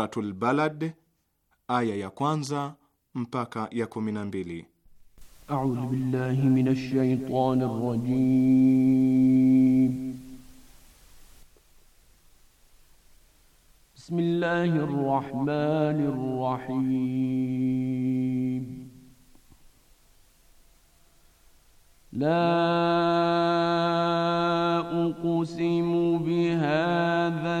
Suratul Balad aya ya kwanza mpaka ya kumi na mbili. A'udhu billahi minash shaitani rrajim. Bismillahir rahmanir rahim. La uqsimu bihadha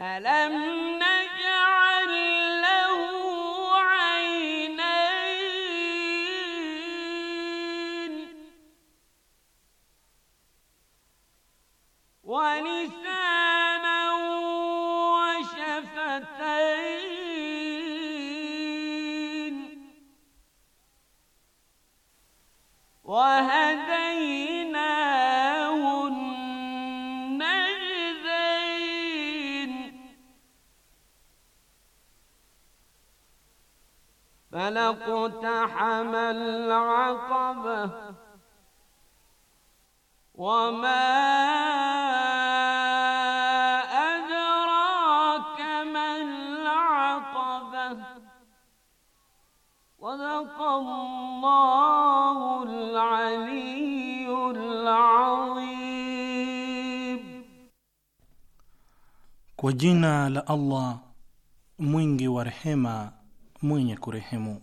Alam na اقتحم العقبة وما أدراك ما العقبة صدق الله العلي العظيم Kwa jina la Allah mwingi wa rehema mwenye kurehemu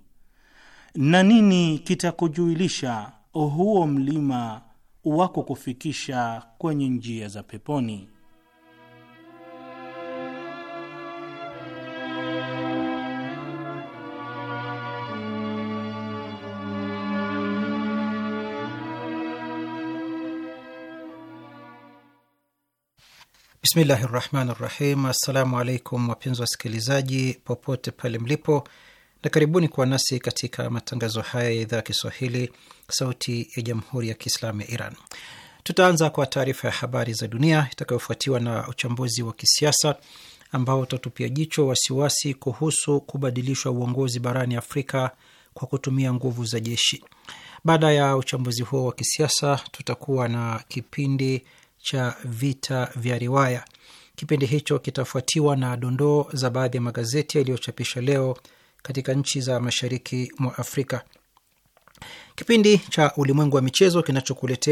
na nini kitakujuilisha huo mlima wako kufikisha kwenye njia za peponi? Bismillahi rahmani rahim. Assalamu alaikum wapenzi wasikilizaji popote pale mlipo na karibuni kuwa nasi katika matangazo haya ya idhaa ya Kiswahili, Sauti ya Jamhuri ya Kiislamu ya Iran. Tutaanza kwa taarifa ya habari za dunia itakayofuatiwa na uchambuzi wa kisiasa ambao utatupia jicho wasiwasi kuhusu kubadilishwa uongozi barani Afrika kwa kutumia nguvu za jeshi. Baada ya uchambuzi huo wa kisiasa, tutakuwa na kipindi cha vita vya riwaya. Kipindi hicho kitafuatiwa na dondoo za baadhi ya magazeti yaliyochapisha leo katika nchi za mashariki mwa Afrika. Kipindi cha Ulimwengu wa Michezo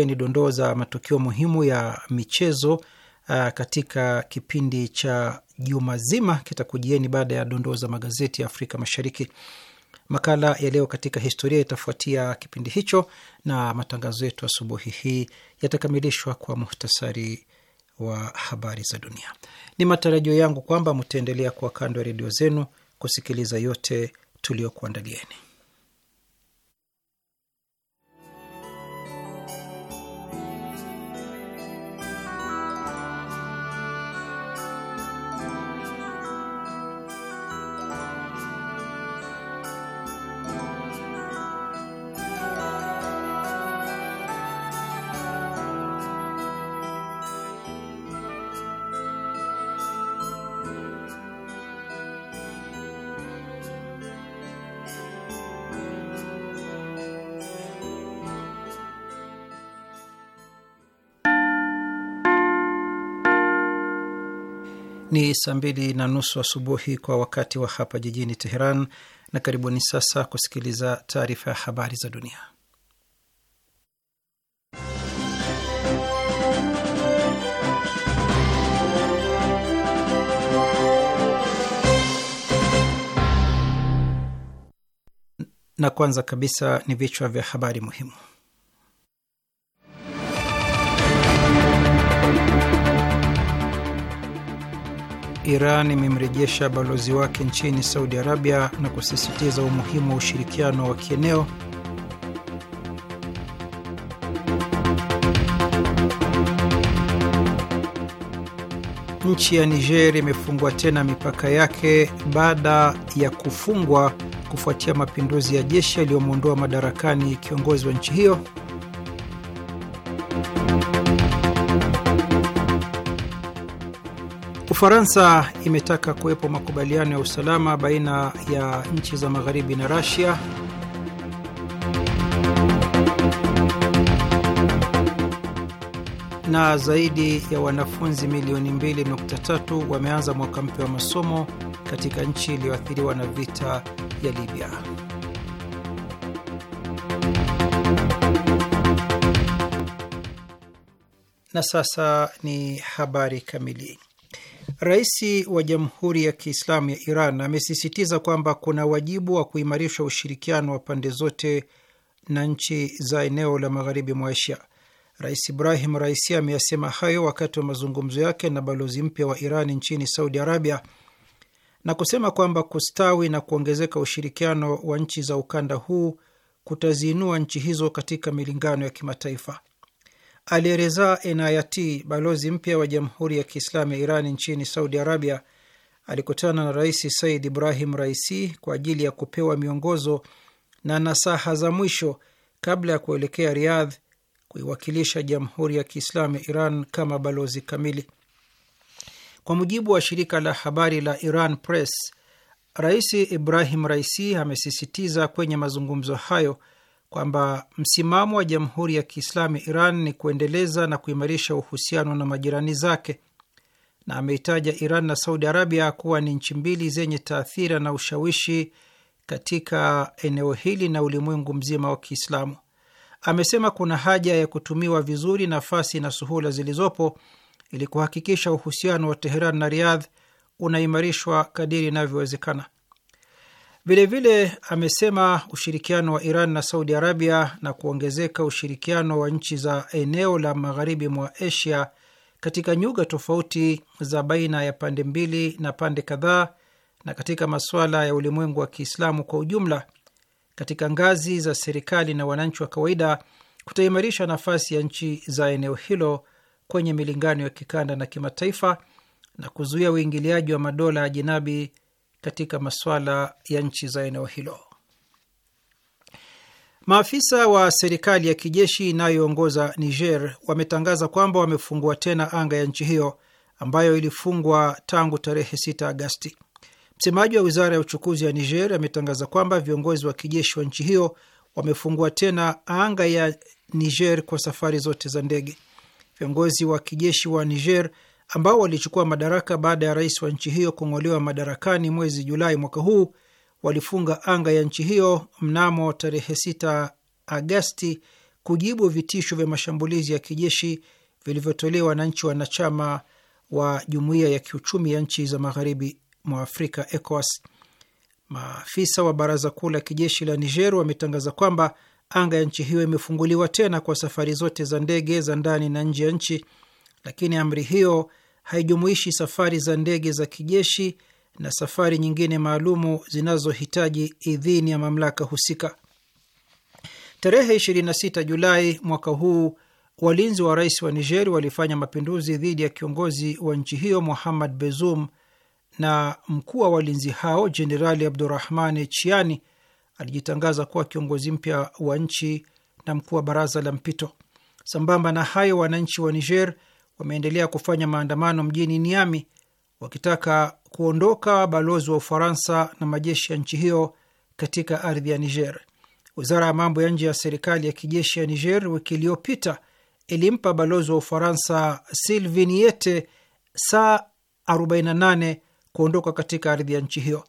ni dondoo za matukio muhimu ya michezo Uh, katika kipindi cha juma zima kitakujieni baada ya dondoo za magazeti ya Afrika Mashariki. Makala ya leo katika historia itafuatia kipindi hicho na matangazo yetu asubuhi hii yatakamilishwa kwa muhtasari wa habari za dunia. Ni matarajio yangu kwamba mtaendelea kuwa kando ya redio zenu kusikiliza yote tuliyokuandalieni. Ni saa mbili na nusu asubuhi wa kwa wakati wa hapa jijini Teheran, na karibuni sasa kusikiliza taarifa ya habari za dunia. Na kwanza kabisa ni vichwa vya habari muhimu. Iran imemrejesha balozi wake nchini Saudi Arabia na kusisitiza umuhimu wa ushirikiano wa kieneo. Nchi ya Niger imefungua tena mipaka yake baada ya kufungwa kufuatia mapinduzi ya jeshi yaliyomwondoa madarakani kiongozi wa nchi hiyo. Ufaransa imetaka kuwepo makubaliano ya usalama baina ya nchi za magharibi na Rasia. Na zaidi ya wanafunzi milioni 2.3 wameanza mwaka mpya wa masomo katika nchi iliyoathiriwa na vita ya Libya. Na sasa ni habari kamili. Rais wa Jamhuri ya Kiislamu ya Iran amesisitiza kwamba kuna wajibu wa kuimarisha ushirikiano wa pande zote na nchi za eneo la magharibi mwa Asia. Rais Ibrahim Raisi ameyasema hayo wakati wa mazungumzo yake na balozi mpya wa Iran nchini Saudi Arabia na kusema kwamba kustawi na kuongezeka ushirikiano wa nchi za ukanda huu kutaziinua nchi hizo katika milingano ya kimataifa. Alireza Enayati, balozi mpya wa Jamhuri ya Kiislamu ya Iran nchini Saudi Arabia, alikutana na Rais Said Ibrahim Raisi kwa ajili ya kupewa miongozo na nasaha za mwisho kabla ya kuelekea Riyadh kuiwakilisha Jamhuri ya Kiislamu ya Iran kama balozi kamili. Kwa mujibu wa shirika la habari la Iran Press, Rais Ibrahim Raisi amesisitiza kwenye mazungumzo hayo kwamba msimamo wa Jamhuri ya Kiislamu ya Iran ni kuendeleza na kuimarisha uhusiano na majirani zake, na ameitaja Iran na Saudi Arabia kuwa ni nchi mbili zenye taathira na ushawishi katika eneo hili na ulimwengu mzima wa Kiislamu. Amesema kuna haja ya kutumiwa vizuri nafasi na suhula zilizopo ili kuhakikisha uhusiano wa Teheran na Riyadh unaimarishwa kadiri inavyowezekana. Vilevile amesema ushirikiano wa Iran na Saudi Arabia na kuongezeka ushirikiano wa nchi za eneo la magharibi mwa Asia katika nyuga tofauti za baina ya pande mbili na pande kadhaa na katika masuala ya ulimwengu wa Kiislamu kwa ujumla, katika ngazi za serikali na wananchi wa kawaida, kutaimarisha nafasi ya nchi za eneo hilo kwenye milingano ya kikanda na kimataifa na kuzuia uingiliaji wa madola ya jinabi katika masuala ya nchi za eneo hilo. Maafisa wa serikali ya kijeshi inayoongoza Niger wametangaza kwamba wamefungua tena anga ya nchi hiyo ambayo ilifungwa tangu tarehe 6 Agasti. Msemaji wa wizara ya uchukuzi ya Niger ametangaza kwamba viongozi wa kijeshi wa nchi hiyo wamefungua tena anga ya Niger kwa safari zote za ndege. Viongozi wa kijeshi wa Niger ambao walichukua madaraka baada ya rais wa nchi hiyo kung'olewa madarakani mwezi Julai mwaka huu walifunga anga ya nchi hiyo mnamo tarehe 6 Agasti kujibu vitisho vya mashambulizi ya kijeshi vilivyotolewa na nchi wanachama wa jumuiya ya kiuchumi ya nchi za magharibi mwa Afrika, ECOWAS. Maafisa wa baraza kuu la kijeshi la Niger wametangaza kwamba anga ya nchi hiyo imefunguliwa tena kwa safari zote za ndege za ndani na nje ya nchi lakini amri hiyo haijumuishi safari za ndege za kijeshi na safari nyingine maalumu zinazohitaji idhini ya mamlaka husika. Tarehe 26 Julai mwaka huu walinzi wa rais wa Niger walifanya mapinduzi dhidi ya kiongozi wa nchi hiyo Muhammad bezum na mkuu wa walinzi hao Jenerali Abdurahmani Chiani alijitangaza kuwa kiongozi mpya wa nchi na mkuu wa baraza la mpito. Sambamba na hayo, wananchi wa Niger wameendelea kufanya maandamano mjini Niami wakitaka kuondoka balozi wa Ufaransa na majeshi ya nchi hiyo katika ardhi ya Niger. Wizara ya mambo ya nje ya serikali ya kijeshi ya Niger wiki iliyopita ilimpa balozi wa Ufaransa Sylvain Yete saa 48 kuondoka katika ardhi ya nchi hiyo.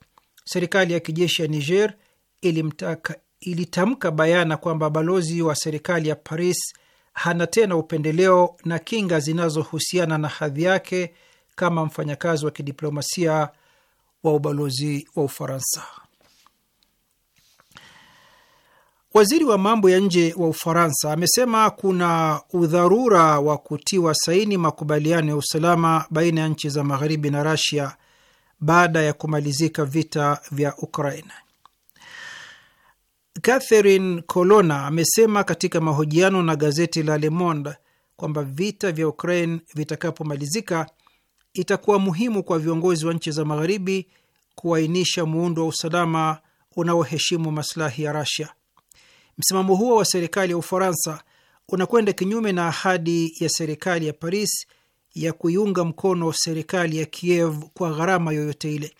Serikali ya kijeshi ya Niger ilimtaka, ilitamka bayana kwamba balozi wa serikali ya Paris hana tena upendeleo na kinga zinazohusiana na hadhi yake kama mfanyakazi wa kidiplomasia wa ubalozi wa Ufaransa. Waziri wa mambo ya nje wa Ufaransa amesema kuna udharura wa kutiwa saini makubaliano ya usalama baina ya nchi za magharibi na Rasia baada ya kumalizika vita vya Ukraina. Catherine Colonna amesema katika mahojiano na gazeti la Le Monde kwamba vita vya Ukraine vitakapomalizika itakuwa muhimu kwa viongozi wa nchi za Magharibi kuainisha muundo wa usalama unaoheshimu maslahi ya Russia. Msimamo huo wa serikali ya Ufaransa unakwenda kinyume na ahadi ya serikali ya Paris ya kuiunga mkono serikali ya Kiev kwa gharama yoyote ile.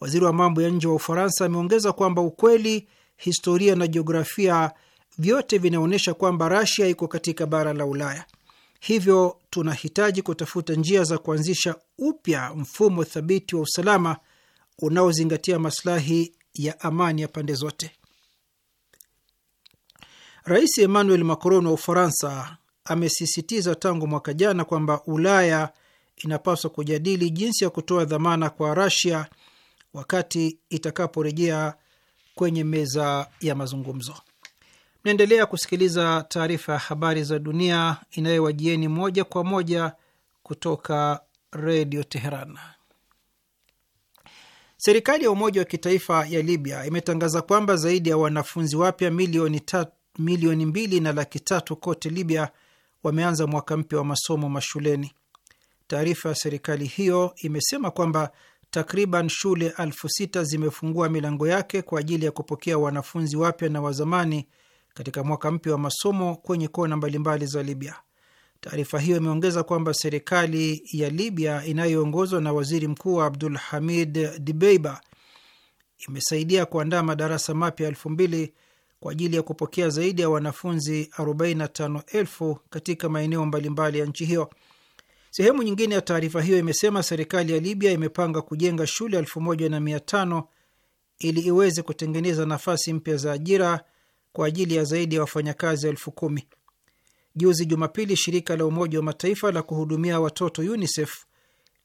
Waziri wa mambo ya nje wa Ufaransa ameongeza kwamba ukweli historia na jiografia vyote vinaonyesha kwamba Rasia iko katika bara la Ulaya. Hivyo tunahitaji kutafuta njia za kuanzisha upya mfumo thabiti wa usalama unaozingatia masilahi ya amani ya pande zote. Rais Emmanuel Macron wa Ufaransa amesisitiza tangu mwaka jana kwamba Ulaya inapaswa kujadili jinsi ya kutoa dhamana kwa Rasia wakati itakaporejea kwenye meza ya mazungumzo. Mnaendelea kusikiliza taarifa ya habari za dunia inayowajieni moja kwa moja kutoka redio Teheran. Serikali ya Umoja wa Kitaifa ya Libya imetangaza kwamba zaidi ya wanafunzi wapya milioni milioni mbili na laki tatu kote Libya wameanza mwaka mpya wa masomo mashuleni. Taarifa ya serikali hiyo imesema kwamba takriban shule elfu sita zimefungua milango yake kwa ajili ya kupokea wanafunzi wapya na wazamani katika mwaka mpya wa masomo kwenye kona mbalimbali za Libya. Taarifa hiyo imeongeza kwamba serikali ya Libya inayoongozwa na waziri mkuu Abdul Hamid Dibeiba imesaidia kuandaa madarasa mapya elfu mbili kwa ajili ya kupokea zaidi ya wanafunzi 45 katika maeneo mbalimbali ya nchi hiyo. Sehemu nyingine ya taarifa hiyo imesema serikali ya Libya imepanga kujenga shule elfu moja na mia tano ili iweze kutengeneza nafasi mpya za ajira kwa ajili ya zaidi ya wafanyakazi elfu kumi. Juzi Jumapili, shirika la Umoja wa Mataifa la kuhudumia watoto UNICEF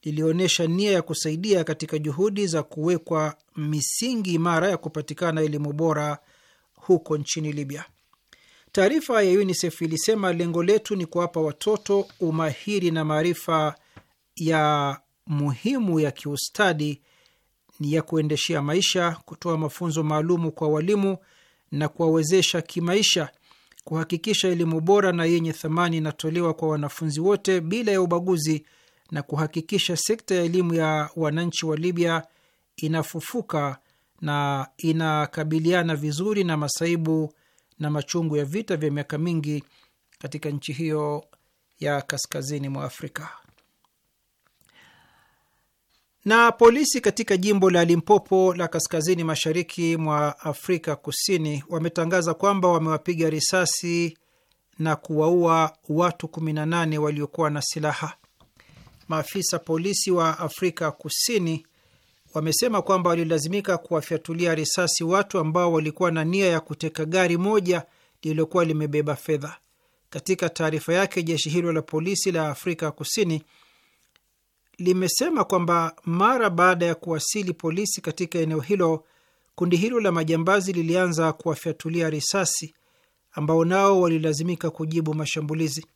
lilionyesha nia ya kusaidia katika juhudi za kuwekwa misingi imara ya kupatikana elimu bora huko nchini Libya. Taarifa ya UNICEF ilisema lengo letu ni kuwapa watoto umahiri na maarifa ya muhimu ya kiustadi ni ya kuendeshea maisha, kutoa mafunzo maalumu kwa walimu na kuwawezesha kimaisha, kuhakikisha elimu bora na yenye thamani inatolewa kwa wanafunzi wote bila ya ubaguzi, na kuhakikisha sekta ya elimu ya wananchi wa Libya inafufuka na inakabiliana vizuri na masaibu na machungu ya vita vya miaka mingi katika nchi hiyo ya kaskazini mwa Afrika. Na polisi katika jimbo la Limpopo la kaskazini mashariki mwa Afrika Kusini wametangaza kwamba wamewapiga risasi na kuwaua watu 18 waliokuwa na silaha. Maafisa polisi wa Afrika Kusini wamesema kwamba walilazimika kuwafyatulia risasi watu ambao walikuwa na nia ya kuteka gari moja lililokuwa limebeba fedha. Katika taarifa yake, jeshi hilo la polisi la Afrika Kusini limesema kwamba mara baada ya kuwasili polisi katika eneo hilo, kundi hilo la majambazi lilianza kuwafyatulia risasi, ambao nao walilazimika kujibu mashambulizi.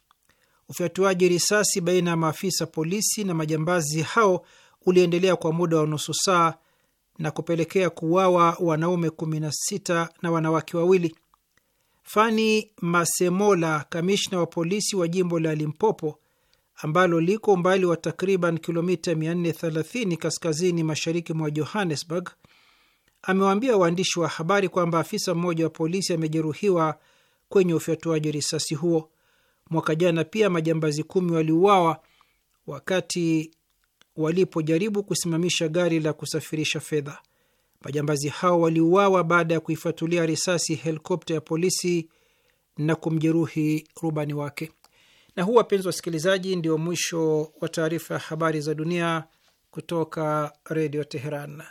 Ufyatuaji risasi baina ya maafisa polisi na majambazi hao uliendelea kwa muda wa nusu saa na kupelekea kuuawa wanaume 16 na wanawake wawili. Fani Masemola, kamishna wa polisi wa jimbo la Limpopo ambalo liko umbali wa takriban kilomita 430 kaskazini mashariki mwa Johannesburg, amewaambia waandishi wa habari kwamba afisa mmoja wa polisi amejeruhiwa kwenye ufyatuaji risasi huo. Mwaka jana pia majambazi kumi waliuawa wakati walipojaribu kusimamisha gari la kusafirisha fedha. Majambazi hao waliuawa baada ya kuifatulia risasi helikopta ya polisi na kumjeruhi rubani wake. Na huu, wapenzi wasikilizaji, ndio mwisho wa taarifa ya habari za dunia kutoka Redio Teheran.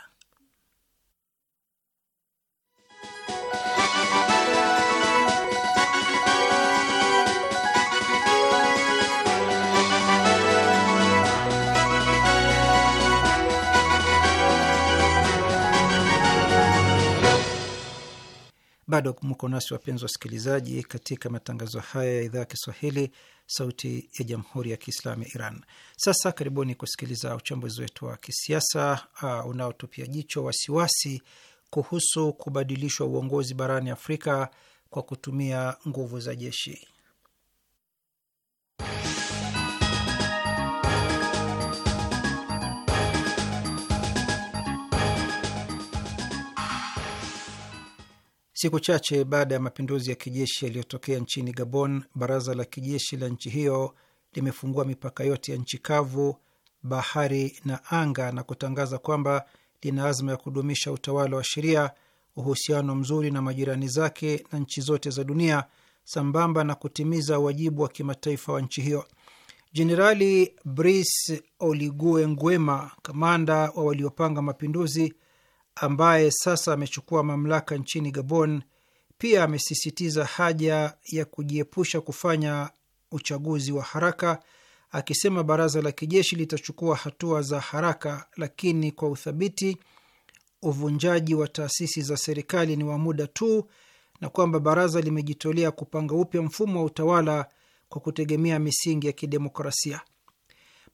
Bado mko nasi wapenzi wasikilizaji, katika matangazo haya ya idhaa ya Kiswahili, sauti ya jamhuri ya kiislamu ya Iran. Sasa karibuni kusikiliza uchambuzi wetu wa kisiasa uh, unaotupia jicho wasiwasi kuhusu kubadilishwa uongozi barani Afrika kwa kutumia nguvu za jeshi. Siku chache baada ya mapinduzi ya kijeshi yaliyotokea nchini Gabon, baraza la kijeshi la nchi hiyo limefungua mipaka yote ya nchi kavu, bahari na anga na kutangaza kwamba lina azma ya kudumisha utawala wa sheria, uhusiano mzuri na majirani zake na nchi zote za dunia, sambamba na kutimiza wajibu wa kimataifa wa nchi hiyo. Jenerali Brice Oligui Nguema, kamanda wa waliopanga mapinduzi ambaye sasa amechukua mamlaka nchini Gabon, pia amesisitiza haja ya kujiepusha kufanya uchaguzi wa haraka, akisema baraza la kijeshi litachukua hatua za haraka lakini kwa uthabiti. Uvunjaji wa taasisi za serikali ni wa muda tu, na kwamba baraza limejitolea kupanga upya mfumo wa utawala kwa kutegemea misingi ya kidemokrasia.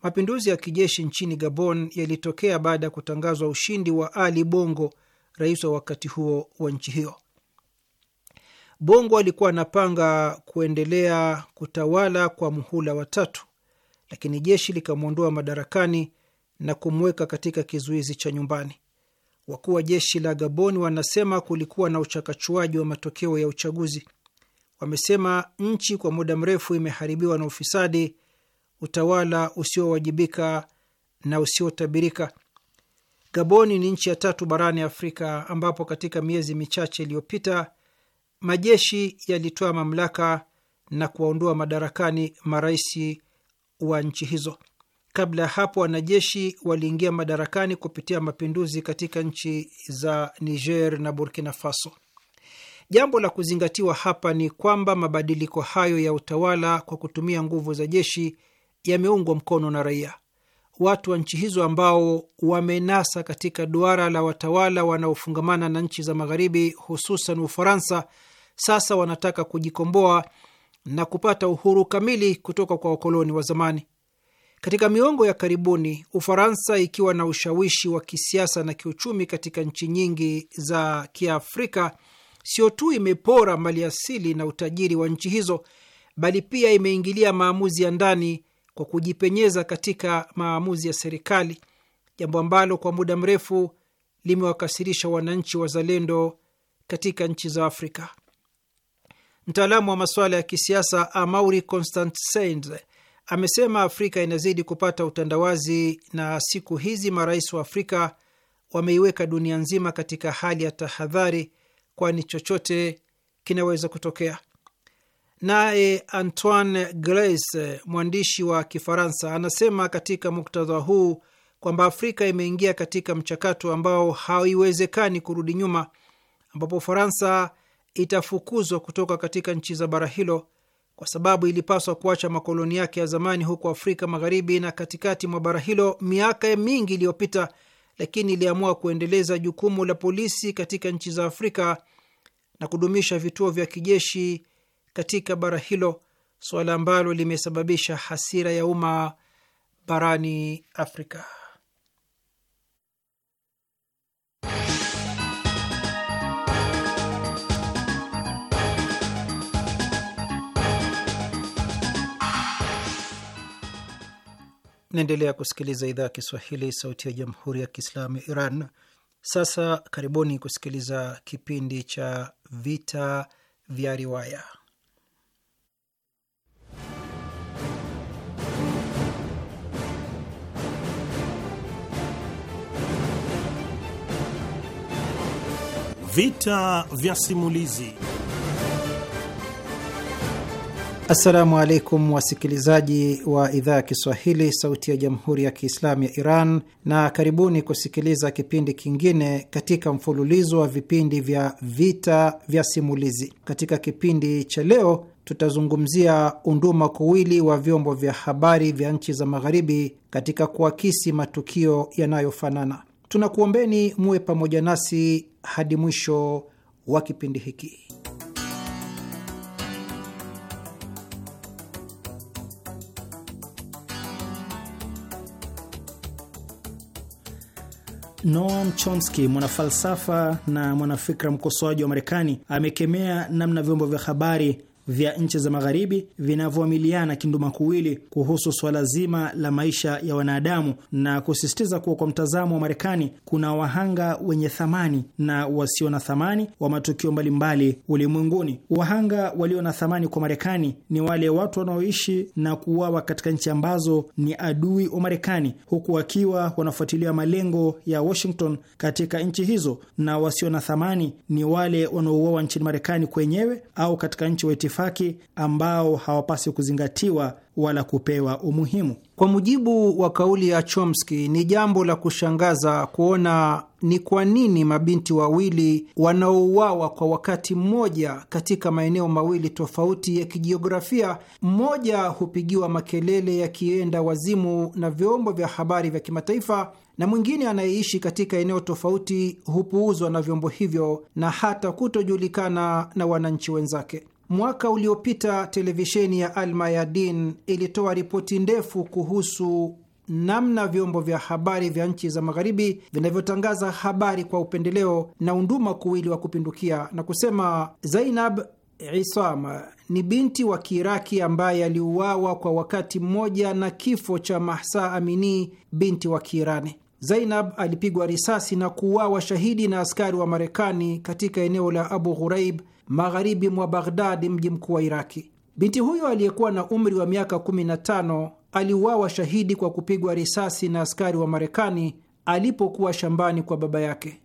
Mapinduzi ya kijeshi nchini Gabon yalitokea baada ya kutangazwa ushindi wa Ali Bongo, rais wa wakati huo wa nchi hiyo. Bongo alikuwa anapanga kuendelea kutawala kwa muhula wa tatu, lakini jeshi likamwondoa madarakani na kumweka katika kizuizi cha nyumbani. Wakuu wa jeshi la Gabon wanasema kulikuwa na uchakachuaji wa matokeo ya uchaguzi. Wamesema nchi kwa muda mrefu imeharibiwa na ufisadi utawala usiowajibika na usiotabirika. Gaboni ni nchi ya tatu barani Afrika ambapo katika miezi michache iliyopita majeshi yalitoa mamlaka na kuwaondoa madarakani marais wa nchi hizo. Kabla ya hapo, wanajeshi waliingia madarakani kupitia mapinduzi katika nchi za Niger na Burkina Faso. Jambo la kuzingatiwa hapa ni kwamba mabadiliko hayo ya utawala kwa kutumia nguvu za jeshi yameungwa mkono na raia. Watu wa nchi hizo ambao wamenasa katika duara la watawala wanaofungamana na nchi za Magharibi, hususan Ufaransa, sasa wanataka kujikomboa na kupata uhuru kamili kutoka kwa wakoloni wa zamani. Katika miongo ya karibuni, Ufaransa ikiwa na ushawishi wa kisiasa na kiuchumi katika nchi nyingi za Kiafrika, sio tu imepora maliasili na utajiri wa nchi hizo, bali pia imeingilia maamuzi ya ndani kwa kujipenyeza katika maamuzi ya serikali, jambo ambalo kwa muda mrefu limewakasirisha wananchi wazalendo katika nchi za Afrika. Mtaalamu wa masuala ya kisiasa Amauri Constant Sains amesema Afrika inazidi kupata utandawazi na siku hizi marais wa Afrika wameiweka dunia nzima katika hali ya tahadhari, kwani chochote kinaweza kutokea. Naye Antoine Grace, mwandishi wa Kifaransa, anasema katika muktadha huu kwamba Afrika imeingia katika mchakato ambao haiwezekani kurudi nyuma, ambapo Ufaransa itafukuzwa kutoka katika nchi za bara hilo kwa sababu ilipaswa kuacha makoloni yake ya zamani huko Afrika magharibi na katikati mwa bara hilo miaka mingi iliyopita, lakini iliamua kuendeleza jukumu la polisi katika nchi za Afrika na kudumisha vituo vya kijeshi katika bara hilo, suala ambalo limesababisha hasira ya umma barani Afrika. Naendelea kusikiliza idhaa ya Kiswahili, sauti ya jamhuri ya kiislamu ya Iran. Sasa karibuni kusikiliza kipindi cha vita vya riwaya. Vita vya simulizi. Assalamu alaikum wasikilizaji wa idhaa ya Kiswahili, sauti ya jamhuri ya kiislamu ya Iran, na karibuni kusikiliza kipindi kingine katika mfululizo wa vipindi vya vita vya simulizi. Katika kipindi cha leo, tutazungumzia unduma kuwili wa vyombo vya habari vya nchi za magharibi katika kuakisi matukio yanayofanana. Tunakuombeni muwe pamoja nasi hadi mwisho wa kipindi hiki. Noam Chomsky, mwanafalsafa na mwanafikra mkosoaji wa Marekani, amekemea namna vyombo vya habari vya nchi za Magharibi vinavyoamiliana kindumakuwili kuhusu swala zima la maisha ya wanadamu na kusisitiza kuwa kwa mtazamo wa Marekani kuna wahanga wenye thamani na wasio na thamani wa matukio mbalimbali ulimwenguni. Wahanga walio na thamani kwa Marekani ni wale watu wanaoishi na kuuawa katika nchi ambazo ni adui wa Marekani, huku wakiwa wanafuatilia malengo ya Washington katika nchi hizo, na wasio na thamani ni wale wanaouawa nchini Marekani kwenyewe au katika nchi wa itifaki ambao hawapaswi kuzingatiwa wala kupewa umuhimu. Kwa mujibu wa kauli ya Chomsky, ni jambo la kushangaza kuona ni kwa nini mabinti wawili wanaouawa kwa wakati mmoja katika maeneo mawili tofauti ya kijiografia, mmoja hupigiwa makelele yakienda wazimu na vyombo vya habari vya kimataifa na mwingine anayeishi katika eneo tofauti hupuuzwa na vyombo hivyo na hata kutojulikana na wananchi wenzake. Mwaka uliopita televisheni ya Almayadin ilitoa ripoti ndefu kuhusu namna vyombo vya habari vya nchi za magharibi vinavyotangaza habari kwa upendeleo na unduma kuwili wa kupindukia, na kusema Zainab Isam ni binti wa Kiiraki ambaye aliuawa kwa wakati mmoja na kifo cha Mahsa Amini, binti wa Kiirani. Zainab alipigwa risasi na kuuawa shahidi na askari wa Marekani katika eneo la Abu Ghuraib magharibi mwa Baghdadi, mji mkuu wa Iraki. Binti huyo aliyekuwa na umri wa miaka 15 aliuawa shahidi kwa kupigwa risasi na askari wa Marekani alipokuwa shambani kwa baba yake,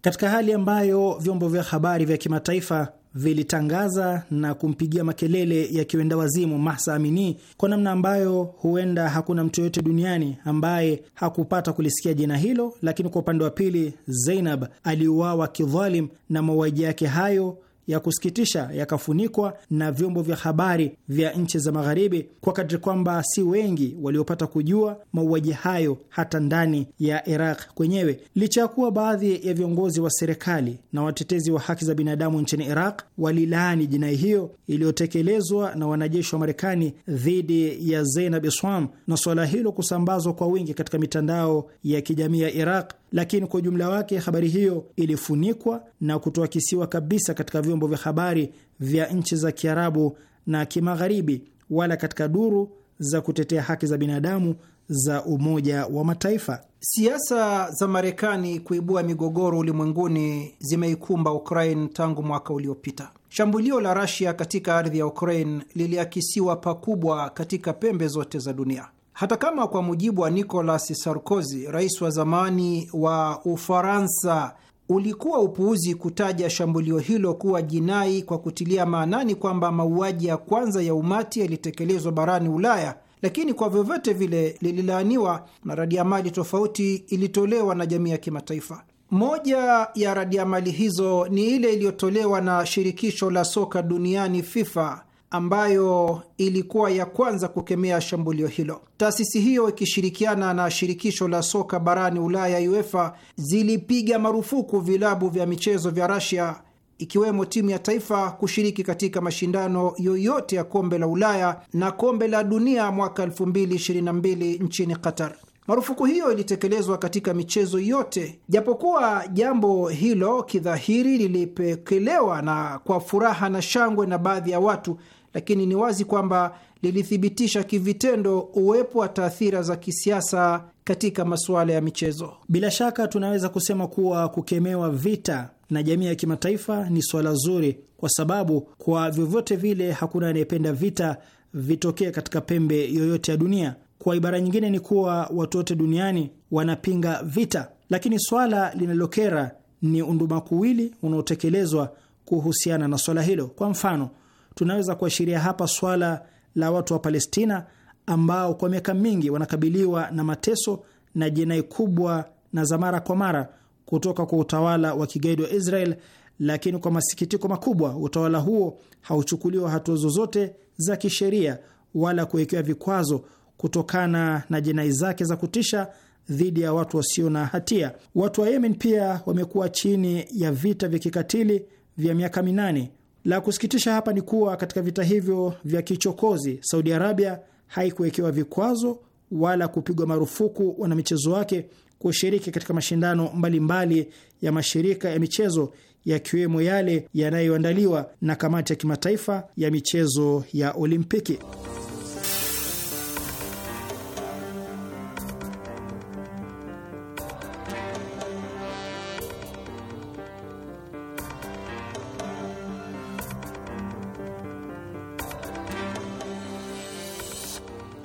katika hali ambayo vyombo vya habari vya kimataifa vilitangaza na kumpigia makelele ya kiwenda wazimu Mahsa Amini kwa namna ambayo huenda hakuna mtu yoyote duniani ambaye hakupata kulisikia jina hilo. Lakini kwa upande wa pili, zeinab aliuawa kidhalim na mauaji yake hayo ya kusikitisha yakafunikwa na vyombo vya habari vya nchi za Magharibi kwa kadri kwamba si wengi waliopata kujua mauaji hayo hata ndani ya Iraq kwenyewe, licha ya kuwa baadhi ya viongozi wa serikali na watetezi wa haki za binadamu nchini Iraq walilaani jinai hiyo iliyotekelezwa na wanajeshi wa Marekani dhidi ya Zeinab Iswam na suala hilo kusambazwa kwa wingi katika mitandao ya kijamii ya Iraq lakini kwa ujumla wake habari hiyo ilifunikwa na kutoakisiwa kabisa katika vyombo vya habari vya nchi za Kiarabu na Kimagharibi, wala katika duru za kutetea haki za binadamu za Umoja wa Mataifa. Siasa za Marekani kuibua migogoro ulimwenguni zimeikumba Ukraine tangu mwaka uliopita. Shambulio la Rasia katika ardhi ya Ukraine liliakisiwa pakubwa katika pembe zote za dunia hata kama kwa mujibu wa Nicolas Sarkozy, rais wa zamani wa Ufaransa, ulikuwa upuuzi kutaja shambulio hilo kuwa jinai, kwa kutilia maanani kwamba mauaji ya kwanza ya umati yalitekelezwa barani Ulaya, lakini kwa vyovyote vile lililaaniwa na radiamali tofauti ilitolewa na jamii ya kimataifa. Moja ya radiamali hizo ni ile iliyotolewa na shirikisho la soka duniani FIFA ambayo ilikuwa ya kwanza kukemea shambulio hilo. Taasisi hiyo ikishirikiana na shirikisho la soka barani Ulaya, UEFA, zilipiga marufuku vilabu vya michezo vya Rasia ikiwemo timu ya taifa kushiriki katika mashindano yoyote ya kombe la Ulaya na kombe la dunia mwaka 2022 nchini Qatar. Marufuku hiyo ilitekelezwa katika michezo yote, japokuwa jambo hilo kidhahiri lilipokelewa na kwa furaha na shangwe na baadhi ya watu lakini ni wazi kwamba lilithibitisha kivitendo uwepo wa taathira za kisiasa katika masuala ya michezo. Bila shaka tunaweza kusema kuwa kukemewa vita na jamii ya kimataifa ni swala zuri, kwa sababu kwa vyovyote vile hakuna anayependa vita vitokee katika pembe yoyote ya dunia. Kwa ibara nyingine, ni kuwa watu wote duniani wanapinga vita, lakini swala linalokera ni undumakuwili unaotekelezwa kuhusiana na swala hilo. Kwa mfano tunaweza kuashiria hapa swala la watu wa Palestina ambao kwa miaka mingi wanakabiliwa na mateso na jinai kubwa na za mara kwa mara kutoka kwa utawala wa kigaidi wa Israel, lakini kwa masikitiko makubwa utawala huo hauchukuliwa hatua zozote za kisheria wala kuwekewa vikwazo kutokana na jinai zake za kutisha dhidi ya watu wasio na hatia. Watu wa Yemen pia wamekuwa chini ya vita vya kikatili vya miaka minane la kusikitisha hapa ni kuwa katika vita hivyo vya kichokozi, Saudi Arabia haikuwekewa vikwazo wala kupigwa marufuku wanamichezo wake kushiriki katika mashindano mbalimbali mbali ya mashirika ya michezo yakiwemo yale yanayoandaliwa na Kamati ya Kimataifa ya Michezo ya Olimpiki.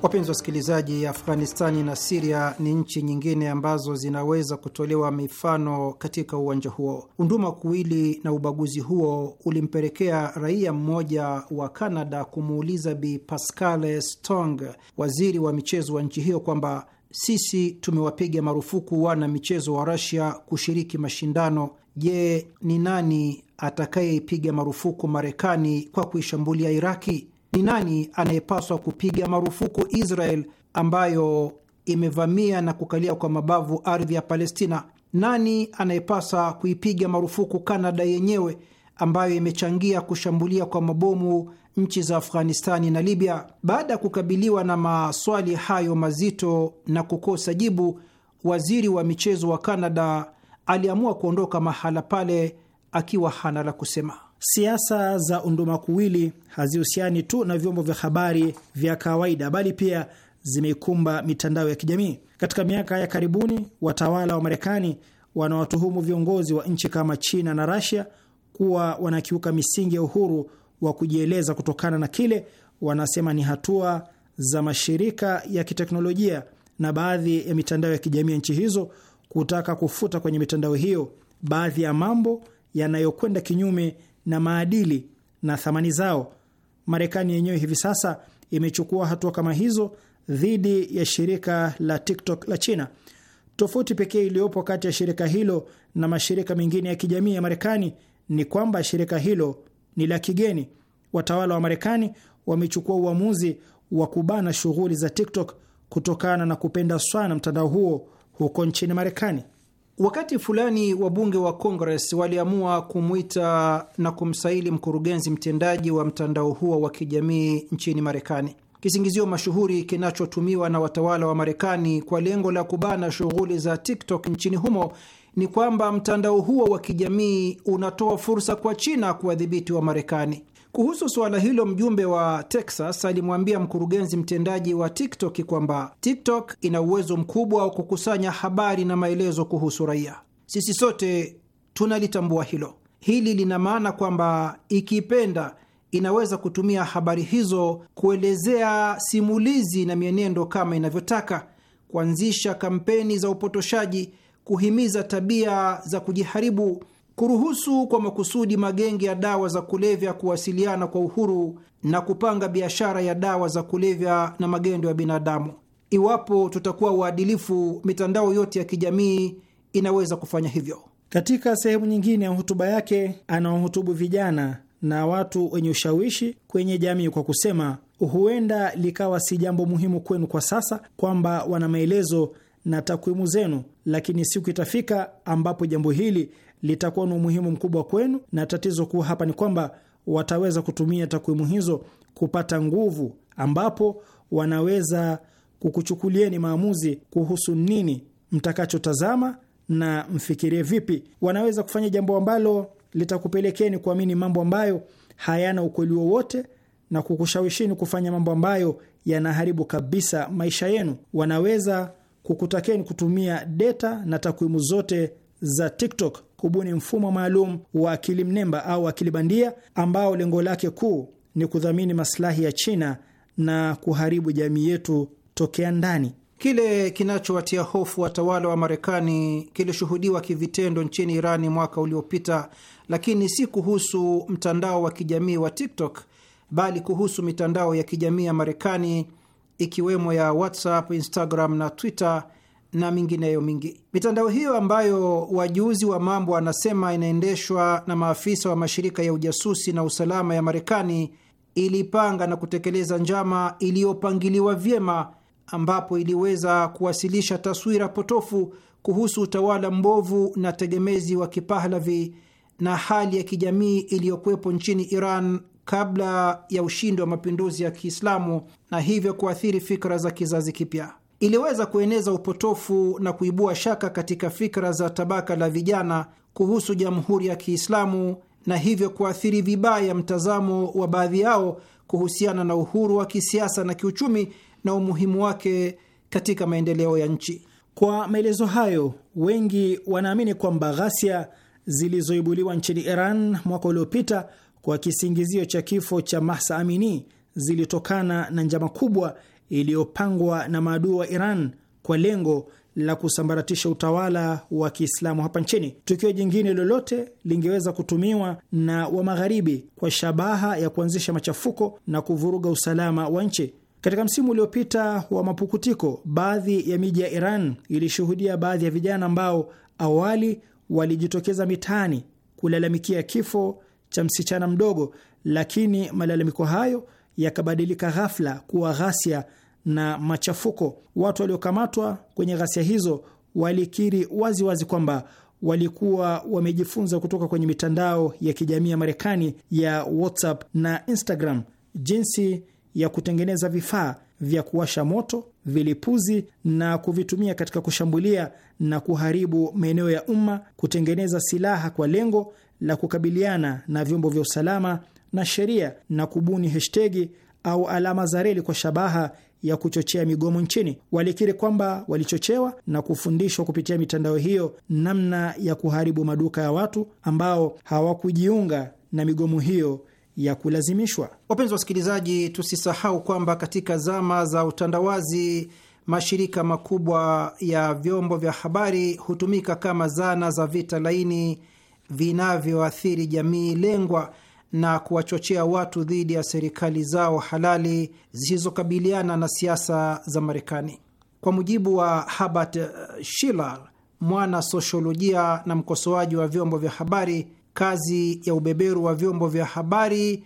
Wapenzi wasikilizaji, Afghanistani na Siria ni nchi nyingine ambazo zinaweza kutolewa mifano katika uwanja huo. Unduma kuwili na ubaguzi huo ulimpelekea raia mmoja wa Kanada kumuuliza Bi Pascale Stong, waziri wa michezo wa nchi hiyo, kwamba sisi tumewapiga marufuku wana michezo wa Rasia kushiriki mashindano. Je, ni nani atakayeipiga marufuku Marekani kwa kuishambulia Iraki? Ni nani anayepaswa kupiga marufuku Israel ambayo imevamia na kukalia kwa mabavu ardhi ya Palestina? Nani anayepaswa kuipiga marufuku Kanada yenyewe ambayo imechangia kushambulia kwa mabomu nchi za Afghanistani na Libya? Baada ya kukabiliwa na maswali hayo mazito na kukosa jibu, waziri wa michezo wa Kanada aliamua kuondoka mahala pale akiwa hana la kusema. Siasa za undumakuwili hazihusiani tu na vyombo vya habari vya kawaida, bali pia zimeikumba mitandao ya kijamii. Katika miaka ya karibuni, watawala wa Marekani wanawatuhumu viongozi wa nchi kama China na Rasia kuwa wanakiuka misingi ya uhuru wa kujieleza kutokana na kile wanasema ni hatua za mashirika ya kiteknolojia na baadhi ya mitandao ya kijamii ya nchi hizo kutaka kufuta kwenye mitandao hiyo baadhi ya mambo yanayokwenda kinyume na maadili na thamani zao. Marekani yenyewe hivi sasa imechukua hatua kama hizo dhidi ya shirika la TikTok la China. Tofauti pekee iliyopo kati ya shirika hilo na mashirika mengine ya kijamii ya Marekani ni kwamba shirika hilo ni la kigeni. Watawala wa Marekani wamechukua uamuzi wa kubana shughuli za TikTok kutokana na kupenda sana mtandao huo huko nchini Marekani. Wakati fulani wabunge wa Congress waliamua kumwita na kumsaili mkurugenzi mtendaji wa mtandao huo wa kijamii nchini Marekani, kisingizio mashuhuri kinachotumiwa na watawala wa Marekani kwa lengo la kubana shughuli za TikTok nchini humo ni kwamba mtandao huo wa kijamii unatoa fursa kwa China kuwadhibiti wa Marekani. Kuhusu suala hilo, mjumbe wa Texas alimwambia mkurugenzi mtendaji wa TikTok kwamba TikTok ina uwezo mkubwa wa kukusanya habari na maelezo kuhusu raia. Sisi sote tunalitambua hilo. Hili lina maana kwamba ikipenda inaweza kutumia habari hizo kuelezea simulizi na mienendo kama inavyotaka, kuanzisha kampeni za upotoshaji, kuhimiza tabia za kujiharibu kuruhusu kwa makusudi magenge ya dawa za kulevya kuwasiliana kwa uhuru na kupanga biashara ya dawa za kulevya na magendo ya binadamu. Iwapo tutakuwa waadilifu, mitandao yote ya kijamii inaweza kufanya hivyo. Katika sehemu nyingine ya hotuba yake, anawahutubu vijana na watu wenye ushawishi kwenye jamii kwa kusema, huenda likawa si jambo muhimu kwenu kwa sasa kwamba wana maelezo na takwimu zenu, lakini siku itafika ambapo jambo hili litakuwa na umuhimu mkubwa kwenu, na tatizo kuu hapa ni kwamba wataweza kutumia takwimu hizo kupata nguvu, ambapo wanaweza kukuchukulieni maamuzi kuhusu nini mtakachotazama na mfikirie vipi. Wanaweza kufanya jambo ambalo litakupelekeni kuamini mambo ambayo hayana ukweli wowote na kukushawishini kufanya mambo ambayo yanaharibu kabisa maisha yenu. Wanaweza kukutakeni kutumia deta na takwimu zote za TikTok kubuni mfumo maalum wa akili mnemba au akili bandia ambao lengo lake kuu ni kudhamini masilahi ya China na kuharibu jamii yetu tokea ndani. Kile kinachowatia hofu watawala wa Marekani kilishuhudiwa kivitendo nchini Irani mwaka uliopita, lakini si kuhusu mtandao wa kijamii wa TikTok bali kuhusu mitandao ya kijamii ya Marekani ikiwemo ya WhatsApp, Instagram na Twitter na mingineyo mingi. Mitandao hiyo ambayo wajuzi wa mambo anasema inaendeshwa na maafisa wa mashirika ya ujasusi na usalama ya Marekani ilipanga na kutekeleza njama iliyopangiliwa vyema, ambapo iliweza kuwasilisha taswira potofu kuhusu utawala mbovu na tegemezi wa Kipahlavi na hali ya kijamii iliyokuwepo nchini Iran kabla ya ushindi wa mapinduzi ya Kiislamu na hivyo kuathiri fikra za kizazi kipya iliweza kueneza upotofu na kuibua shaka katika fikra za tabaka la vijana kuhusu Jamhuri ya Kiislamu na hivyo kuathiri vibaya mtazamo wa baadhi yao kuhusiana na uhuru wa kisiasa na kiuchumi na umuhimu wake katika maendeleo ya nchi. Kwa maelezo hayo, wengi wanaamini kwamba ghasia zilizoibuliwa nchini Iran mwaka uliopita kwa kisingizio cha kifo cha Mahsa Amini zilitokana na njama kubwa iliyopangwa na maadui wa Iran kwa lengo la kusambaratisha utawala wa Kiislamu hapa nchini. Tukio jingine lolote lingeweza kutumiwa na wa Magharibi kwa shabaha ya kuanzisha machafuko na kuvuruga usalama wa nchi. Katika msimu uliopita wa mapukutiko, baadhi ya miji ya Iran ilishuhudia baadhi ya vijana ambao awali walijitokeza mitaani kulalamikia kifo cha msichana mdogo, lakini malalamiko hayo yakabadilika ghafla kuwa ghasia na machafuko. Watu waliokamatwa kwenye ghasia hizo walikiri waziwazi wazi kwamba walikuwa wamejifunza kutoka kwenye mitandao ya kijamii ya Marekani ya WhatsApp na Instagram jinsi ya kutengeneza vifaa vya kuwasha moto, vilipuzi na kuvitumia katika kushambulia na kuharibu maeneo ya umma, kutengeneza silaha kwa lengo la kukabiliana na vyombo vya usalama na sheria, na kubuni hashtegi au alama za reli kwa shabaha ya kuchochea migomo nchini. Walikiri kwamba walichochewa na kufundishwa kupitia mitandao hiyo namna ya kuharibu maduka ya watu ambao hawakujiunga na migomo hiyo ya kulazimishwa. Wapenzi wasikilizaji, tusisahau kwamba katika zama za utandawazi mashirika makubwa ya vyombo vya habari hutumika kama zana za vita laini vinavyoathiri jamii lengwa na kuwachochea watu dhidi ya serikali zao halali zisizokabiliana na siasa za Marekani. Kwa mujibu wa Herbert eh, Schiller, mwana sosiolojia na mkosoaji wa vyombo vya habari, kazi ya ubeberu wa vyombo vya habari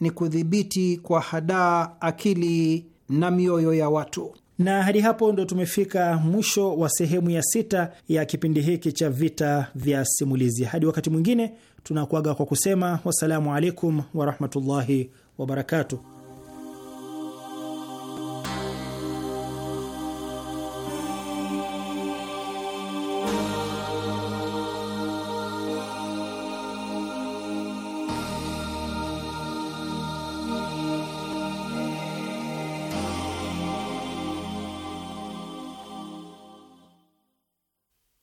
ni kudhibiti kwa hadaa akili na mioyo ya watu. Na hadi hapo ndo tumefika mwisho wa sehemu ya sita ya kipindi hiki cha Vita vya Simulizi. Hadi wakati mwingine tunakuaga kwa kusema wassalamu alaikum warahmatullahi wabarakatuh.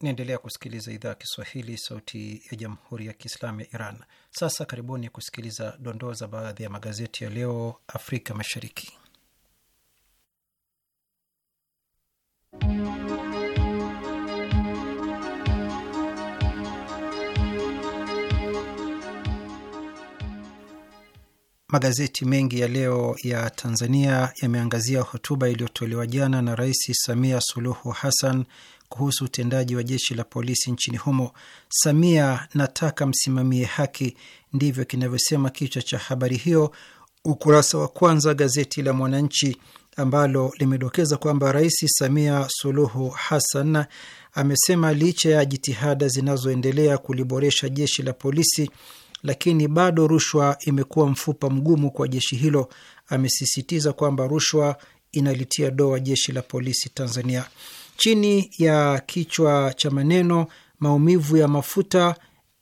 Naendelea kusikiliza idhaa ya Kiswahili, sauti ya jamhuri ya kiislamu ya Iran. Sasa karibuni kusikiliza dondoo za baadhi ya magazeti ya leo Afrika Mashariki. Magazeti mengi ya leo ya Tanzania yameangazia hotuba iliyotolewa jana na Rais Samia Suluhu Hassan kuhusu utendaji wa jeshi la polisi nchini humo. Samia, nataka msimamie haki, ndivyo kinavyosema kichwa cha habari hiyo, ukurasa wa kwanza gazeti la Mwananchi, ambalo limedokeza kwamba Rais Samia Suluhu Hassan amesema licha ya jitihada zinazoendelea kuliboresha jeshi la polisi lakini bado rushwa imekuwa mfupa mgumu kwa jeshi hilo. Amesisitiza kwamba rushwa inalitia doa jeshi la polisi Tanzania. Chini ya kichwa cha maneno maumivu ya mafuta,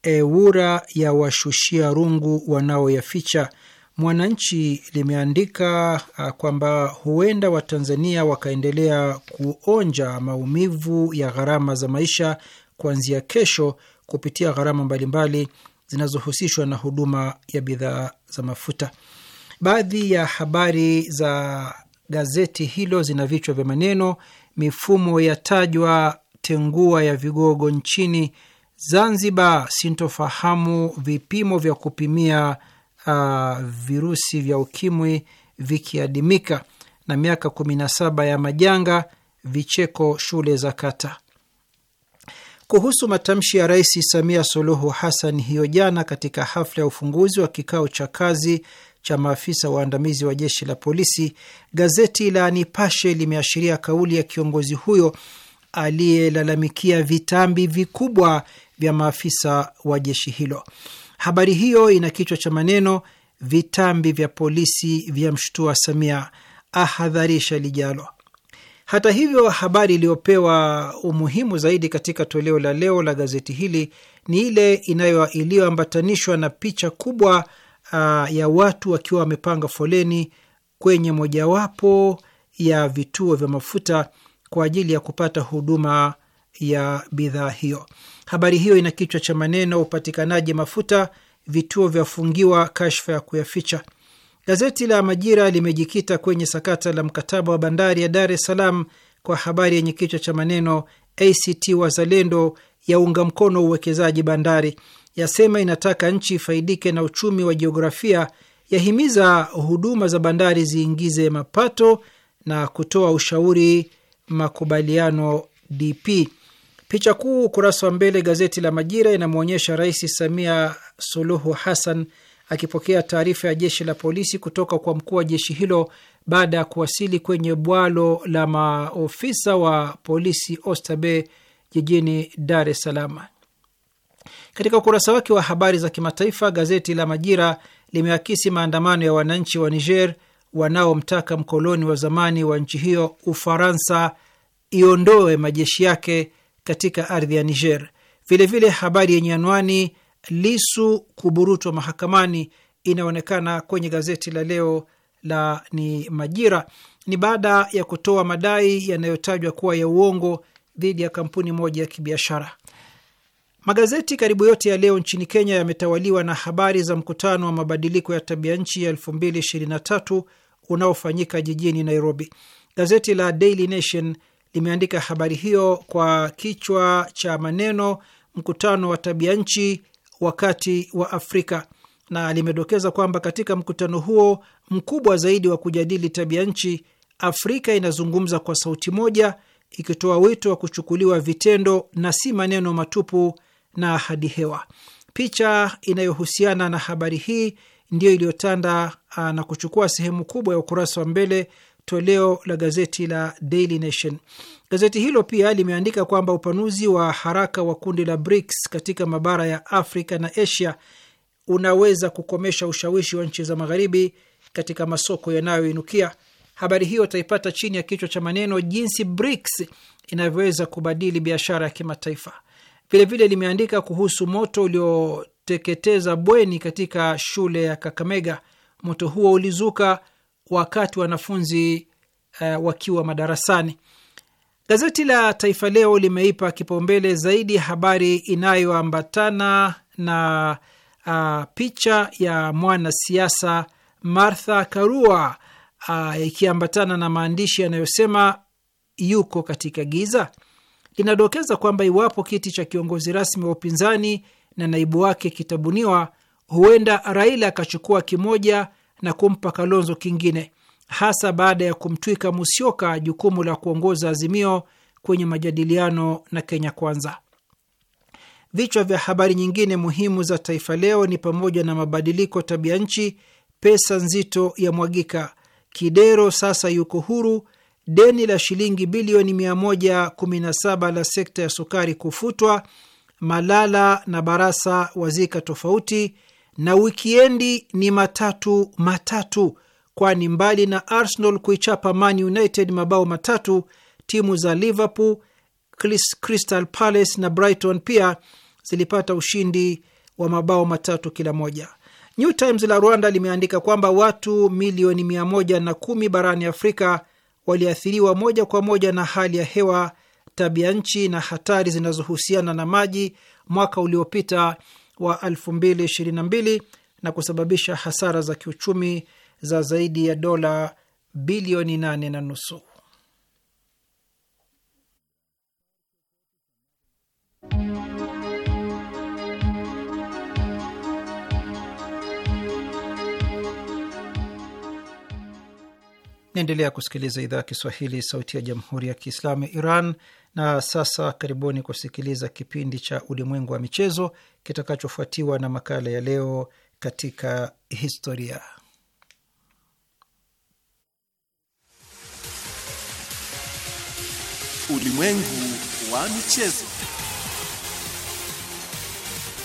EWURA ya washushia rungu wanaoyaficha, Mwananchi limeandika kwamba huenda Watanzania wakaendelea kuonja maumivu ya gharama za maisha kuanzia kesho kupitia gharama mbalimbali zinazohusishwa na huduma ya bidhaa za mafuta. Baadhi ya habari za gazeti hilo zina vichwa vya maneno: mifumo yatajwa tengua ya vigogo nchini Zanzibar, sintofahamu vipimo vya kupimia uh, virusi vya ukimwi vikiadimika, na miaka kumi na saba ya majanga, vicheko shule za kata. Kuhusu matamshi ya Rais Samia Suluhu Hassan hiyo jana katika hafla ya ufunguzi wa kikao cha kazi cha maafisa waandamizi wa jeshi la polisi, gazeti la Nipashe limeashiria kauli ya kiongozi huyo aliyelalamikia vitambi vikubwa vya maafisa wa jeshi hilo. Habari hiyo ina kichwa cha maneno vitambi vya polisi vya mshtua Samia, ahadharisha lijalo. Hata hivyo, habari iliyopewa umuhimu zaidi katika toleo la leo la gazeti hili ni ile iliyoambatanishwa na picha kubwa uh, ya watu wakiwa wamepanga foleni kwenye mojawapo ya vituo vya mafuta kwa ajili ya kupata huduma ya bidhaa hiyo. Habari hiyo ina kichwa cha maneno upatikanaji mafuta, vituo vyafungiwa kashfa ya kuyaficha. Gazeti la Majira limejikita kwenye sakata la mkataba wa bandari ya Dar es Salaam kwa habari yenye kichwa cha maneno ACT Wazalendo yaunga mkono uwekezaji bandari, yasema inataka nchi ifaidike na uchumi wa jiografia, yahimiza huduma za bandari ziingize mapato na kutoa ushauri makubaliano DP. Picha kuu ukurasa wa mbele gazeti la Majira inamwonyesha Rais Samia Suluhu Hassan akipokea taarifa ya jeshi la polisi kutoka kwa mkuu wa jeshi hilo baada ya kuwasili kwenye bwalo la maofisa wa polisi Oysterbay jijini Dar es Salaam. Katika ukurasa wake wa habari za kimataifa, gazeti la Majira limeakisi maandamano ya wananchi wa Niger wanaomtaka mkoloni wa zamani wa nchi hiyo Ufaransa iondoe majeshi yake katika ardhi ya Niger. Vilevile habari yenye anwani Lisu kuburutwa mahakamani inaonekana kwenye gazeti la leo la ni Majira. Ni baada ya kutoa madai yanayotajwa kuwa ya uongo dhidi ya kampuni moja ya kibiashara. Magazeti karibu yote ya leo nchini Kenya yametawaliwa na habari za mkutano wa mabadiliko ya tabia nchi ya 2023 unaofanyika jijini Nairobi. Gazeti la Daily Nation limeandika habari hiyo kwa kichwa cha maneno, mkutano wa tabia nchi wakati wa Afrika na limedokeza kwamba katika mkutano huo mkubwa zaidi wa kujadili tabia nchi, Afrika inazungumza kwa sauti moja, ikitoa wito wa kuchukuliwa vitendo na si maneno matupu na ahadi hewa. Picha inayohusiana na habari hii ndiyo iliyotanda ah, na kuchukua sehemu kubwa ya ukurasa wa mbele toleo la gazeti la Daily Nation. Gazeti hilo pia limeandika kwamba upanuzi wa haraka wa kundi la BRICS katika mabara ya Afrika na Asia unaweza kukomesha ushawishi wa nchi za magharibi katika masoko yanayoinukia. Habari hiyo utaipata chini ya kichwa cha maneno jinsi BRICS inavyoweza kubadili biashara ya kimataifa. Vilevile limeandika kuhusu moto ulioteketeza bweni katika shule ya Kakamega. Moto huo ulizuka wakati wanafunzi uh, wakiwa madarasani. Gazeti la Taifa Leo limeipa kipaumbele zaidi habari inayoambatana na uh, picha ya mwanasiasa Martha Karua uh, ikiambatana na maandishi yanayosema yuko katika giza. Linadokeza kwamba iwapo kiti cha kiongozi rasmi wa upinzani na naibu wake kitabuniwa, huenda Raila akachukua kimoja na kumpa Kalonzo kingine hasa baada ya kumtwika Musyoka jukumu la kuongoza Azimio kwenye majadiliano na Kenya Kwanza. Vichwa vya habari nyingine muhimu za Taifa Leo ni pamoja na mabadiliko tabia nchi, pesa nzito ya mwagika, Kidero sasa yuko huru, deni la shilingi bilioni 117 la sekta ya sukari kufutwa, Malala na Barasa wazika tofauti, na wikiendi ni matatu matatu kwani mbali na Arsenal kuichapa Man United mabao matatu, timu za Liverpool, Crystal Palace na Brighton pia zilipata ushindi wa mabao matatu kila moja. New Times la Rwanda limeandika kwamba watu milioni mia moja na kumi barani Afrika waliathiriwa moja kwa moja na hali ya hewa, tabia nchi na hatari zinazohusiana na maji mwaka uliopita wa 2022 na kusababisha hasara za kiuchumi za zaidi ya dola bilioni nane na nusu. Naendelea kusikiliza idhaa ya Kiswahili, sauti ya jamhuri ya kiislamu ya Iran. Na sasa karibuni kusikiliza kipindi cha ulimwengu wa michezo kitakachofuatiwa na makala ya leo katika historia. Ulimwengu wa michezo.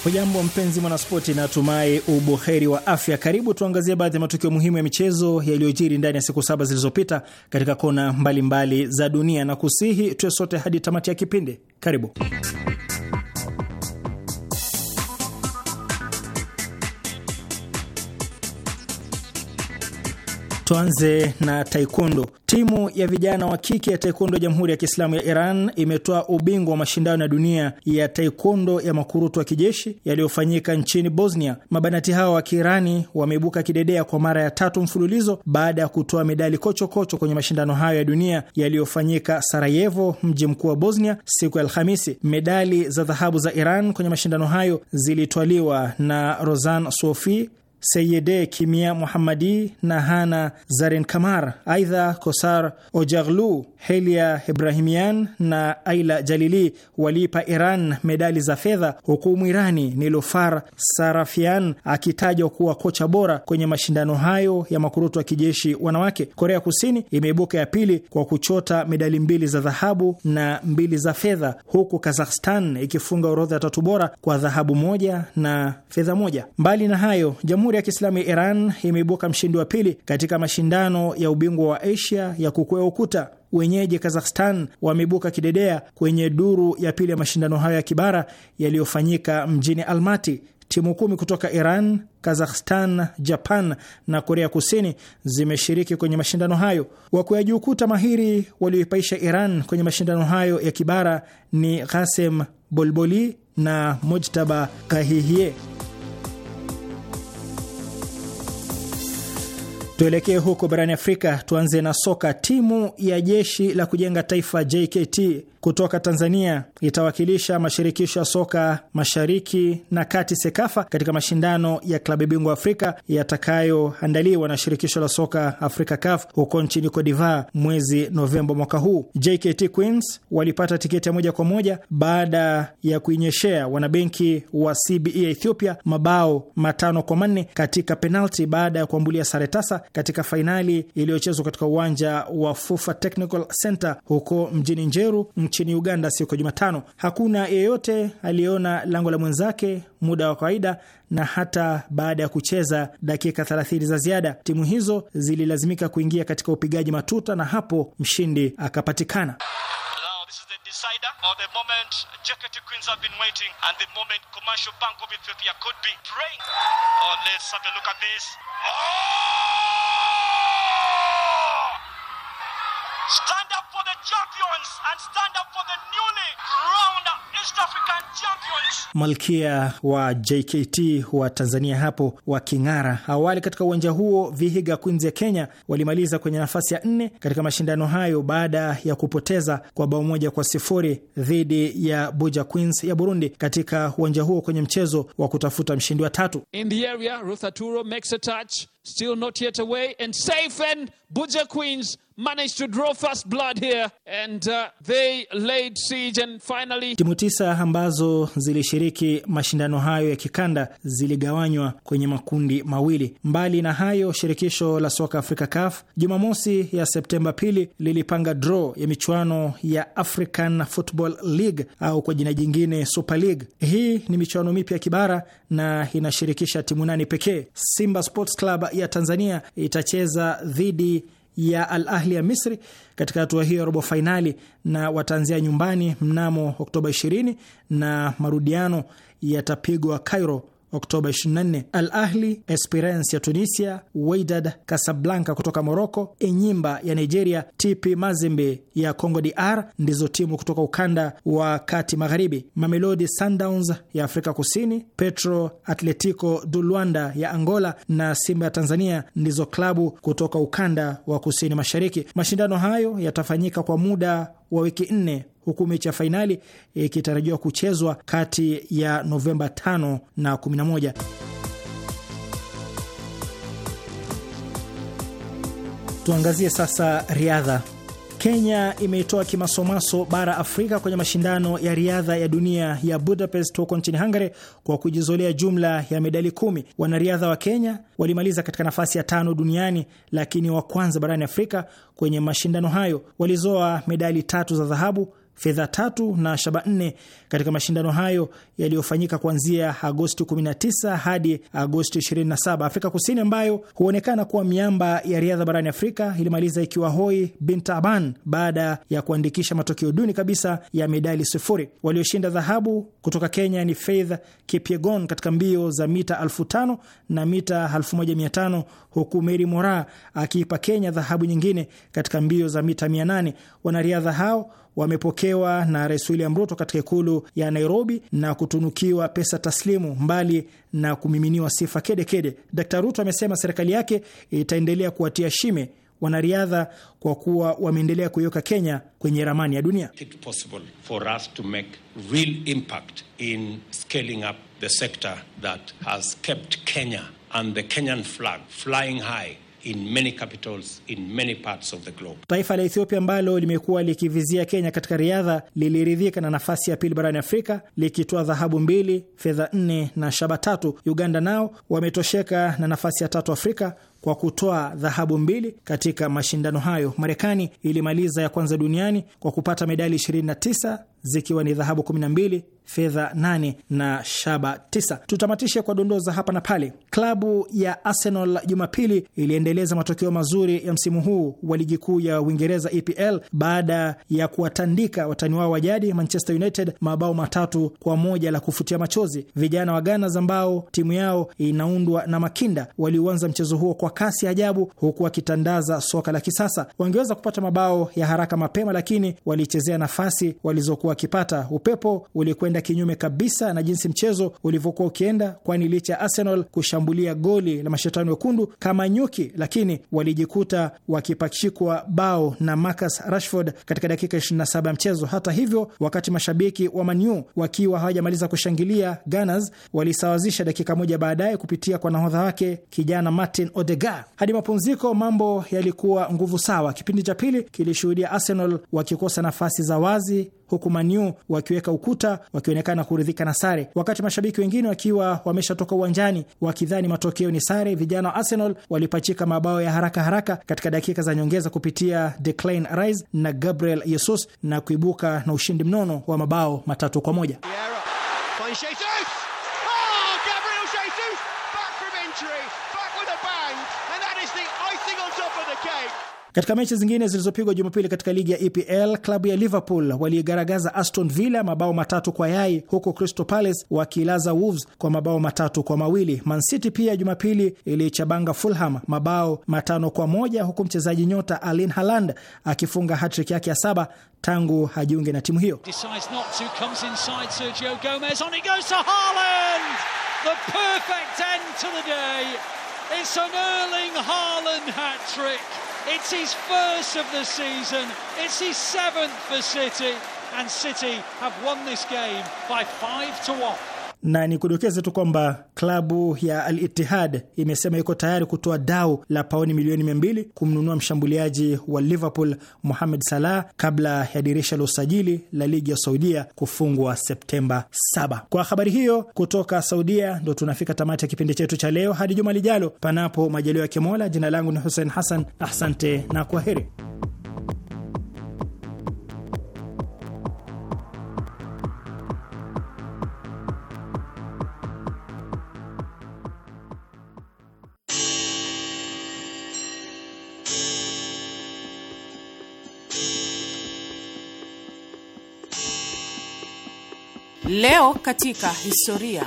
Hujambo mpenzi mwanaspoti, natumai ubuheri wa afya. Karibu tuangazie baadhi ya matukio muhimu ya michezo yaliyojiri ndani ya siku saba zilizopita katika kona mbalimbali mbali za dunia, na kusihi tuwe sote hadi tamati ya kipindi. Karibu. Tuanze na taekwondo. Timu ya vijana wa kike ya taekwondo ya Jamhuri ya Kiislamu ya Iran imetoa ubingwa wa mashindano ya dunia ya taekwondo ya makurutu wa kijeshi yaliyofanyika nchini Bosnia. Mabanati hao wa Kiirani wameibuka kidedea kwa mara ya tatu mfululizo baada ya kutoa medali kochokocho kwenye mashindano hayo ya dunia yaliyofanyika Sarajevo, mji mkuu wa Bosnia, siku ya Alhamisi. Medali za dhahabu za Iran kwenye mashindano hayo zilitwaliwa na Rozan Sofi Seyede Kimia Muhammadi na Hana kamar Aidha, Kosar ojaglu Helia Ibrahimian na Aila Jalili waliipa Iran medali za fedha, huku Mwirani Nilofar Sarafian akitajwa kuwa kocha bora kwenye mashindano hayo ya makurutu wa kijeshi wanawake. Korea Kusini imeibuka ya pili kwa kuchota medali mbili za dhahabu na mbili za fedha, huku Kazakhstan ikifunga orodha ya tatu bora kwa dhahabu moja na fedha moja. Mbali na hayo, Jamhuri Jamhuri ya Kiislamu ya Iran imeibuka mshindi wa pili katika mashindano ya ubingwa wa Asia ya kukwea ukuta. Wenyeji Kazakhstan wameibuka kidedea kwenye duru ya pili ya mashindano hayo ya kibara yaliyofanyika mjini Almati. Timu kumi kutoka Iran, Kazakhstan, Japan na Korea Kusini zimeshiriki kwenye mashindano hayo. Wakweaji ukuta mahiri walioipaisha Iran kwenye mashindano hayo ya kibara ni Ghasem Bolboli na Mojtaba Kahihie. Tuelekee huko barani Afrika, tuanze na soka. Timu ya jeshi la kujenga taifa JKT kutoka Tanzania itawakilisha mashirikisho ya soka mashariki na kati SEKAFA katika mashindano ya klabu bingwa Afrika yatakayoandaliwa na shirikisho la soka Afrika CAF huko nchini Kodiva mwezi Novemba mwaka huu. JKT Queens walipata tiketi ya moja kwa moja baada ya kuinyeshea wanabenki wa CBE ya Ethiopia mabao matano kwa manne katika penalti baada ya kuambulia sare tasa katika fainali iliyochezwa katika uwanja wa Fufa Technical Center huko mjini Njeru nchini Uganda siku ya Jumatano. Hakuna yeyote aliyeona lango la mwenzake muda wa kawaida na hata baada ya kucheza dakika 30 za ziada, timu hizo zililazimika kuingia katika upigaji matuta na hapo mshindi akapatikana. Stand up for the champions and stand up for the newly crowned East African champions. Malkia wa JKT wa Tanzania hapo wa King'ara. Awali katika uwanja huo Vihiga Queens ya Kenya walimaliza kwenye nafasi ya nne katika mashindano hayo baada ya kupoteza kwa bao moja kwa sifuri dhidi ya Buja Queens ya Burundi katika uwanja huo kwenye mchezo wa kutafuta mshindi wa tatu. In the area, Ruth Aturo makes a touch, still not yet away and safe and Buja Queens managed to draw first blood here and uh, they laid siege and finally. Timu tisa ambazo zilishiriki mashindano hayo ya kikanda ziligawanywa kwenye makundi mawili. Mbali na hayo, shirikisho la soka Afrika CAF Jumamosi ya Septemba pili lilipanga draw ya michuano ya African Football League au kwa jina jingine Super League. Hii ni michuano mipya ya kibara na inashirikisha timu nane pekee. Simba Sports Club ya Tanzania itacheza dhidi ya Al Ahli ya Misri katika hatua hiyo ya robo fainali, na wataanzia nyumbani mnamo Oktoba 20 na marudiano yatapigwa Cairo Oktoba 24. Al Ahli, Esperance ya Tunisia, Wydad Casablanca kutoka Moroko, Enyimba ya Nigeria, TP Mazembe ya Congo DR ndizo timu kutoka ukanda wa kati magharibi. Mamelodi Sundowns ya Afrika Kusini, Petro Atletico du Luanda ya Angola na Simba ya Tanzania ndizo klabu kutoka ukanda wa kusini mashariki. Mashindano hayo yatafanyika kwa muda wa wiki nne huku mechi ya fainali ikitarajiwa kuchezwa kati ya Novemba 5 na 11. Tuangazie sasa riadha. Kenya imeitoa kimasomaso bara Afrika kwenye mashindano ya riadha ya dunia ya Budapest huko nchini Hungary kwa kujizolea jumla ya medali kumi. Wanariadha wa Kenya walimaliza katika nafasi ya tano duniani, lakini wa kwanza barani Afrika kwenye mashindano hayo. Walizoa medali tatu za dhahabu fedha tatu na shaba nne katika mashindano hayo yaliyofanyika kuanzia Agosti 19 hadi Agosti 27. Afrika Kusini, ambayo huonekana kuwa miamba ya riadha barani Afrika, ilimaliza ikiwa hoi bin baada ya kuandikisha matokeo duni kabisa ya medali sifuri. Walioshinda dhahabu kutoka Kenya ni Faith Kipyegon katika mbio za mita 5000 na mita 1500, huku Mary Moraa akiipa Kenya dhahabu nyingine katika mbio za mita 800. Wanariadha hao wamepokewa na Rais William Ruto katika ikulu ya Nairobi na kutunukiwa pesa taslimu mbali na kumiminiwa sifa kedekede. Dkt Ruto amesema serikali yake itaendelea kuwatia shime wanariadha kwa kuwa wameendelea kuiweka Kenya kwenye ramani ya dunia. It In many capitals, in many parts of the globe. Taifa la Ethiopia ambalo limekuwa likivizia Kenya katika riadha liliridhika na nafasi ya pili barani Afrika likitoa dhahabu mbili, fedha nne na shaba tatu. Uganda nao wametosheka na nafasi ya tatu Afrika kwa kutoa dhahabu mbili katika mashindano hayo. Marekani ilimaliza ya kwanza duniani kwa kupata medali 29 zikiwa ni dhahabu 12 fedha 8 na shaba 9. Tutamatishe kwa dondoza hapa na pale. Klabu ya Arsenal Jumapili iliendeleza matokeo mazuri ya msimu huu wa ligi kuu ya Uingereza EPL baada ya kuwatandika watani wao wa jadi Manchester United mabao matatu kwa moja la kufutia machozi. Vijana wa Ganas ambao timu yao inaundwa na makinda waliuanza mchezo huo kwa kasi ajabu, huku wakitandaza soka la kisasa. Wangeweza kupata mabao ya haraka mapema, lakini walichezea nafasi walizokuwa wakipata. Upepo ulikwenda umeenda kinyume kabisa na jinsi mchezo ulivyokuwa ukienda, kwani licha ya Arsenal kushambulia goli la mashetani wekundu kama nyuki, lakini walijikuta wakipachikwa bao na Marcus Rashford katika dakika 27 ya mchezo. Hata hivyo, wakati mashabiki wa Manu wakiwa hawajamaliza kushangilia, Gunners walisawazisha dakika moja baadaye kupitia kwa nahodha wake kijana Martin Odegaard. Hadi mapumziko mambo yalikuwa nguvu sawa. Kipindi cha pili kilishuhudia Arsenal wakikosa nafasi za wazi huku Manu wakiweka ukuta wakionekana kuridhika na sare, wakati mashabiki wengine wakiwa wameshatoka uwanjani wakidhani matokeo ni sare. Vijana wa Arsenal walipachika mabao ya haraka haraka katika dakika za nyongeza kupitia Declan Rice na Gabriel Jesus na kuibuka na ushindi mnono wa mabao matatu kwa moja. Katika mechi zingine zilizopigwa Jumapili katika ligi ya EPL, klabu ya Liverpool waliigaragaza Aston Villa mabao matatu kwa yai, huku Crystal Palace wakiilaza Wolves kwa mabao matatu kwa mawili. Man City pia Jumapili iliichabanga Fulham mabao matano kwa moja, huku mchezaji nyota Erling Haaland akifunga hatrick yake ya saba tangu hajiunge na timu hiyo. It's an Erling Haaland hat-trick. It's his first of the season. It's his seventh for City. And City have won this game by five to one. na nikudokeze tu kwamba klabu ya Al Ittihad imesema iko tayari kutoa dau la paoni milioni mia mbili kumnunua mshambuliaji wa Liverpool Mohamed Salah kabla ya dirisha la usajili la ligi ya Saudia kufungwa Septemba 7. Kwa habari hiyo kutoka Saudia, ndo tunafika tamati ya kipindi chetu cha leo. Hadi juma lijalo, panapo majaliwa ya Kimola. Jina langu ni Hussein Hassan, asante na kwa heri. Leo katika historia.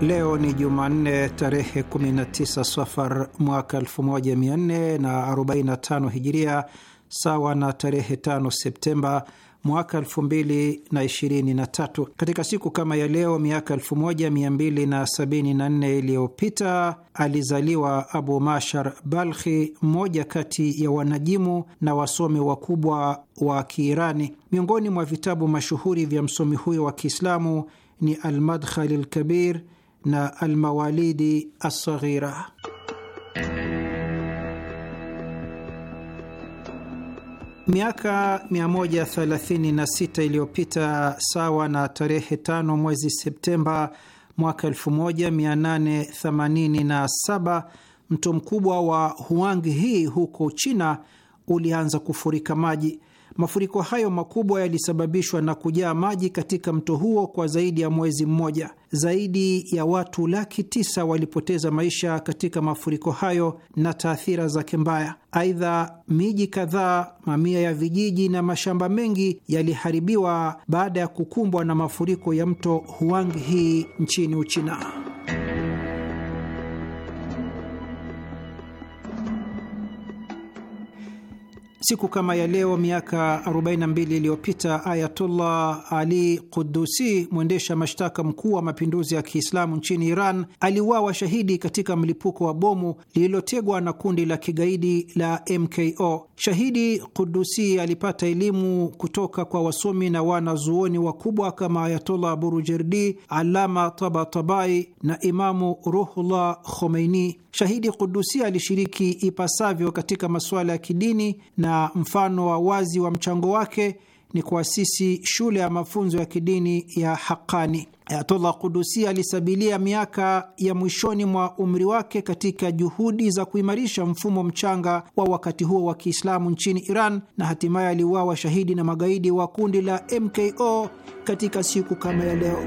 Leo ni Jumanne tarehe 19 Safar mwaka 1445 Hijiria, sawa na tarehe 5 Septemba mwaka 2023. Katika siku kama ya leo miaka 1274 iliyopita alizaliwa Abu Mashar Balkhi, mmoja kati ya wanajimu na wasomi wakubwa wa Kiirani. Miongoni mwa vitabu mashuhuri vya msomi huyo wa Kiislamu ni Almadkhali Lkabir na Almawalidi Assaghira. Miaka 136 iliyopita sawa na tarehe tano mwezi Septemba mwaka 1887 mto mkubwa wa Huang hii huko China ulianza kufurika maji. Mafuriko hayo makubwa yalisababishwa na kujaa maji katika mto huo kwa zaidi ya mwezi mmoja. Zaidi ya watu laki tisa walipoteza maisha katika mafuriko hayo na taathira zake mbaya. Aidha, miji kadhaa, mamia ya vijiji na mashamba mengi yaliharibiwa baada ya kukumbwa na mafuriko ya mto huang hii nchini Uchina. Siku kama ya leo miaka 42 iliyopita Ayatullah Ali Qudusi, mwendesha mashtaka mkuu wa mapinduzi ya Kiislamu nchini Iran, aliuawa shahidi katika mlipuko wa bomu lililotegwa na kundi la kigaidi la MKO. Shahidi Qudusi alipata elimu kutoka kwa wasomi na wanazuoni wakubwa kama Ayatullah Burujerdi, Alama Tabatabai na Imamu Ruhullah Khomeini. Shahidi Qudusi alishiriki ipasavyo katika masuala ya kidini na na mfano wa wazi wa mchango wake ni kuasisi shule ya mafunzo ya kidini ya Haqani. Ayatollah Kudusi alisabilia miaka ya mwishoni mwa umri wake katika juhudi za kuimarisha mfumo mchanga wa wakati huo wa Kiislamu nchini Iran na hatimaye aliuawa shahidi na magaidi wa kundi la MKO katika siku kama ya leo.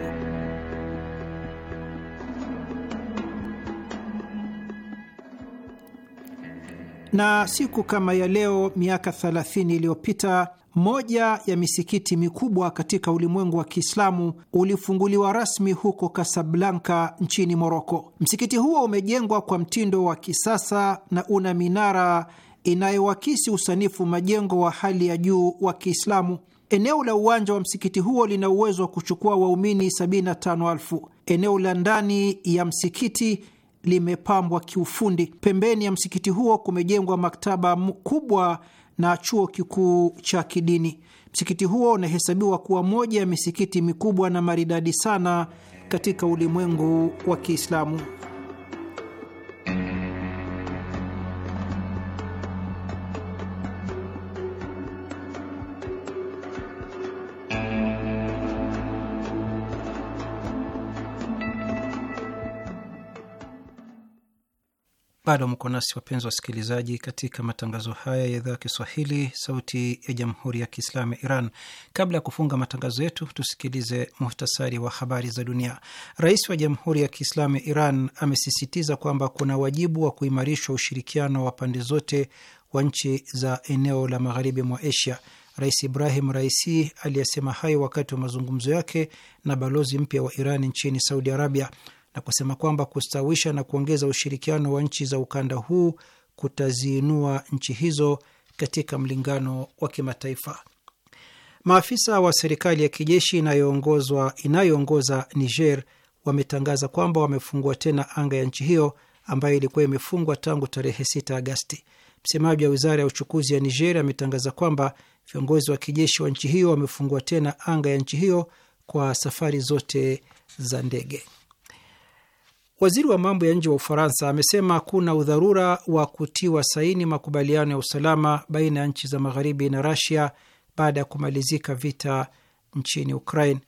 Na siku kama ya leo miaka 30 iliyopita moja ya misikiti mikubwa katika ulimwengu wa Kiislamu ulifunguliwa rasmi huko Kasablanka nchini Moroko. Msikiti huo umejengwa kwa mtindo wa kisasa na una minara inayowakisi usanifu majengo wa hali ya juu wa Kiislamu. Eneo la uwanja wa msikiti huo lina uwezo wa kuchukua waumini 75 Eneo la ndani ya msikiti limepambwa kiufundi. Pembeni ya msikiti huo kumejengwa maktaba kubwa na chuo kikuu cha kidini. Msikiti huo unahesabiwa kuwa moja ya misikiti mikubwa na maridadi sana katika ulimwengu wa Kiislamu. Bado mko nasi wapenzi wasikilizaji, katika matangazo haya ya idhaa ya Kiswahili, sauti ya jamhuri ya kiislamu ya Iran. Kabla ya kufunga matangazo yetu, tusikilize muhtasari wa habari za dunia. Rais wa Jamhuri ya Kiislamu ya Iran amesisitiza kwamba kuna wajibu wa kuimarishwa ushirikiano wa pande zote wa nchi za eneo la magharibi mwa Asia. Rais Ibrahim Raisi aliyesema hayo wakati wa mazungumzo yake na balozi mpya wa Iran nchini Saudi Arabia na kusema kwamba kustawisha na kuongeza ushirikiano wa nchi za ukanda huu kutaziinua nchi hizo katika mlingano wa kimataifa. Maafisa wa serikali ya kijeshi inayoongozwa inayoongoza Niger wametangaza kwamba wamefungua tena anga ya nchi hiyo ambayo ilikuwa imefungwa tangu tarehe 6 Agasti. Msemaji wa wizara ya uchukuzi ya Niger ametangaza kwamba viongozi wa kijeshi wa nchi hiyo wamefungua tena anga ya nchi hiyo kwa safari zote za ndege. Waziri wa mambo ya nje wa Ufaransa amesema kuna udharura wa kutiwa saini makubaliano ya usalama baina ya nchi za magharibi na Rasia baada ya kumalizika vita nchini Ukraine.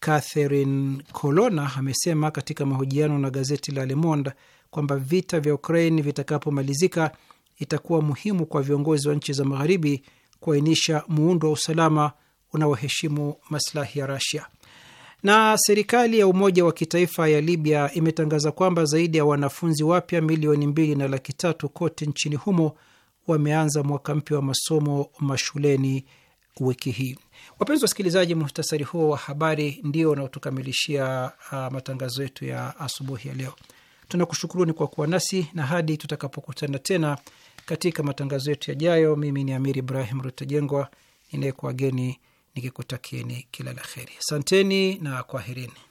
Catherine Colonna amesema katika mahojiano na gazeti la Le Monde kwamba vita vya Ukraine vitakapomalizika itakuwa muhimu kwa viongozi wa nchi za magharibi kuainisha muundo wa usalama unaoheshimu maslahi ya Rasia. Na serikali ya umoja wa kitaifa ya Libya imetangaza kwamba zaidi ya wanafunzi wapya milioni mbili na laki tatu kote nchini humo wameanza mwaka mpya wa masomo mashuleni wiki hii. Wapenzi wasikilizaji, muhtasari huo wa habari ndio unaotukamilishia uh, matangazo yetu ya asubuhi ya leo. Tunakushukuruni kwa kuwa nasi na hadi tutakapokutana tena katika matangazo yetu yajayo, mimi ni amir Ibrahim Rutajengwa ninayekuwageni nikikutakieni kila la kheri. Asanteni na kwaherini.